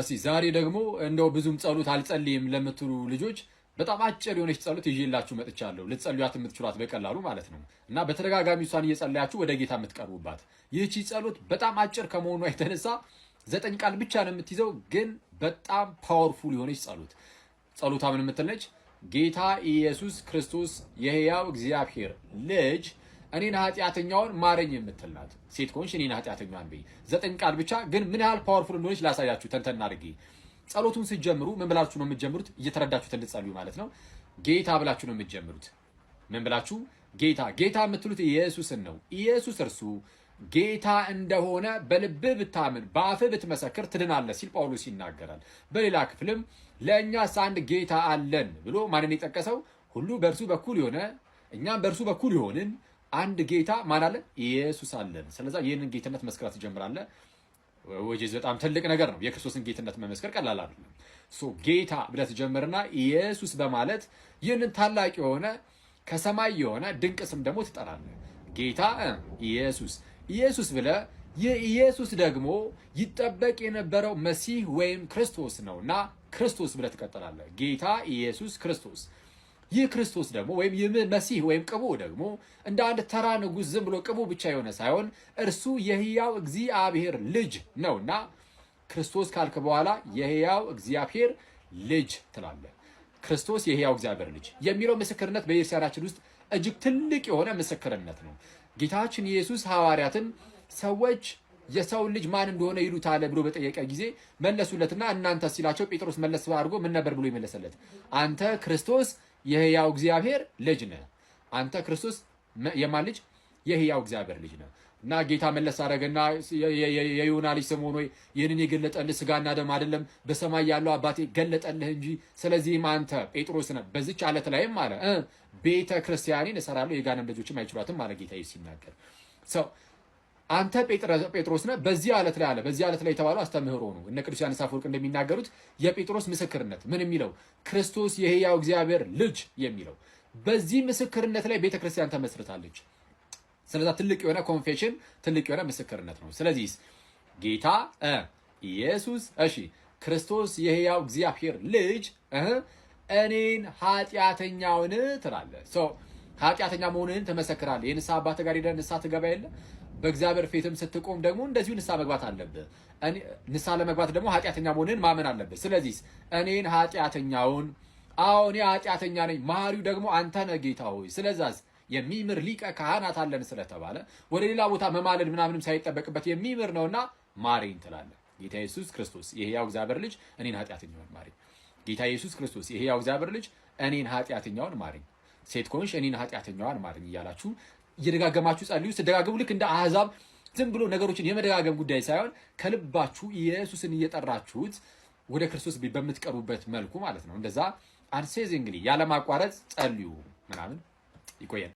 እስቲ ዛሬ ደግሞ እንደው ብዙም ጸሎት አልጸልይም ለምትሉ ልጆች በጣም አጭር የሆነች ጸሎት ይዤላችሁ መጥቻለሁ። ልትጸልያት የምትችሏት በቀላሉ ማለት ነው እና በተደጋጋሚ እሷን እየጸለያችሁ ወደ ጌታ የምትቀርቡባት ይህቺ ጸሎት በጣም አጭር ከመሆኗ የተነሳ ዘጠኝ ቃል ብቻ ነው የምትይዘው፣ ግን በጣም ፓወርፉል የሆነች ጸሎት ጸሎታ ምን የምትል ነች? ጌታ ኢየሱስ ክርስቶስ የህያው እግዚአብሔር ልጅ እኔን ኃጢአተኛውን ማረኝ የምትልናት ሴት ከሆንሽ እኔን ኃጢአተኛዋን ብይ። ዘጠኝ ቃል ብቻ ግን ምን ያህል ፓወርፉል እንደሆነች ላሳያችሁ ተንተና አድርጌ። ጸሎቱን ስትጀምሩ ምን ብላችሁ ነው የምትጀምሩት? እየተረዳችሁት እንድትጸልዩ ማለት ነው። ጌታ ብላችሁ ነው የምትጀምሩት። ምን ብላችሁ? ጌታ ጌታ የምትሉት ኢየሱስን ነው። ኢየሱስ እርሱ ጌታ እንደሆነ በልብ ብታምን በአፍ ብትመሰክር ትድናለህ ሲል ጳውሎስ ይናገራል። በሌላ ክፍልም ለእኛስ አንድ ጌታ አለን ብሎ ማንን የጠቀሰው? ሁሉ በእርሱ በኩል የሆነ እኛም በእርሱ በኩል የሆንን አንድ ጌታ ማን አለን? ኢየሱስ አለን። ስለዛ ይህንን ጌትነት መስከራት ትጀምራለህ። ወጀዝ በጣም ትልቅ ነገር ነው። የክርስቶስን ጌትነት መመስከር ቀላል አይደለም። ሶ ጌታ ብለህ ትጀምርና ኢየሱስ በማለት ይህንን ታላቅ የሆነ ከሰማይ የሆነ ድንቅ ስም ደግሞ ትጠራለህ። ጌታ ኢየሱስ ኢየሱስ ብለህ የኢየሱስ ደግሞ ይጠበቅ የነበረው መሲህ ወይም ክርስቶስ ነው እና ክርስቶስ ብለህ ትቀጥላለህ። ጌታ ኢየሱስ ክርስቶስ ይህ ክርስቶስ ደግሞ ወይም ይህ መሲህ ወይም ቅቡ ደግሞ እንደ አንድ ተራ ንጉሥ ዝም ብሎ ቅቡ ብቻ የሆነ ሳይሆን እርሱ የህያው እግዚአብሔር ልጅ ነውና ክርስቶስ ካልክ በኋላ የህያው እግዚአብሔር ልጅ ትላለህ። ክርስቶስ የህያው እግዚአብሔር ልጅ የሚለው ምስክርነት በቤተክርስቲያናችን ውስጥ እጅግ ትልቅ የሆነ ምስክርነት ነው። ጌታችን ኢየሱስ ሐዋርያትን ሰዎች የሰውን ልጅ ማን እንደሆነ ይሉታል ብሎ በጠየቀ ጊዜ መለሱለትና እናንተ ሲላቸው ጴጥሮስ መለስ አድርጎ ምን ነበር ብሎ ይመለሰለት? አንተ ክርስቶስ የህያው እግዚአብሔር ልጅ ነህ አንተ ክርስቶስ የማን ልጅ? የህያው እግዚአብሔር ልጅ ነህ። እና ጌታ መለስ አደረገና የዮና ልጅ ስምዖን ሆይ ይህንን የገለጠልህ ስጋና ደም አይደለም በሰማይ ያለው አባቴ ገለጠልህ እንጂ። ስለዚህም አንተ ጴጥሮስ ነህ፣ በዚች አለት ላይም አለ ቤተ ክርስቲያኔን እሰራለሁ፣ የጋነም ልጆችም አይችሏትም አለ ጌታ ሲናገር አንተ ጴጥሮስ ነህ በዚህ ዓለት ላይ አለ። በዚህ ዓለት ላይ የተባለው አስተምህሮ ነው። እነ ቅዱስ ዮሐንስ አፈወርቅ እንደሚናገሩት የጴጥሮስ ምስክርነት ምን የሚለው ክርስቶስ የህያው እግዚአብሔር ልጅ የሚለው በዚህ ምስክርነት ላይ ቤተ ክርስቲያን ተመስርታለች። ስለዛ ትልቅ የሆነ ኮንፌሽን፣ ትልቅ የሆነ ምስክርነት ነው። ስለዚህ ጌታ ኢየሱስ እሺ ክርስቶስ የህያው እግዚአብሔር ልጅ እኔን ኃጢአተኛውን ትላለህ ኃጢአተኛ መሆንህን ትመሰክራለህ። የንስሐ አባት ጋር ሄደህ ንስሐ ትገባ የለ በእግዚአብሔር ፊትም ስትቆም ደግሞ እንደዚሁ ንስሐ መግባት አለብህ። ንስሐ ለመግባት ደግሞ ኃጢአተኛ መሆንህን ማመን አለብህ። ስለዚህ እኔን ኃጢአተኛውን፣ አዎ እኔ ኃጢአተኛ ነኝ፣ መሐሪው ደግሞ አንተ ነህ ጌታ ሆይ ስለዛዝ የሚምር ሊቀ ካህናት አለን ስለተባለ ወደ ሌላ ቦታ መማለድ ምናምንም ሳይጠበቅበት የሚምር ነውና ማሬን ትላለህ። ጌታ ኢየሱስ ክርስቶስ የሕያው እግዚአብሔር ልጅ እኔን ኃጢአተኛውን ማሬን። ጌታ ኢየሱስ ክርስቶስ የሕያው እግዚአብሔር ልጅ እኔን ኃጢአተኛውን ማሪኝ። ሴት ከሆንሽ እኔን ኃጢአተኛዋን ማረኝ እያላችሁ እየደጋገማችሁ ጸልዩ። ስደጋገሙ ልክ እንደ አህዛብ ዝም ብሎ ነገሮችን የመደጋገም ጉዳይ ሳይሆን ከልባችሁ ኢየሱስን እየጠራችሁት ወደ ክርስቶስ በምትቀርቡበት መልኩ ማለት ነው። እንደዛ አንሴዝ እንግዲህ ያለማቋረጥ ጸልዩ ምናምን ይቆያል።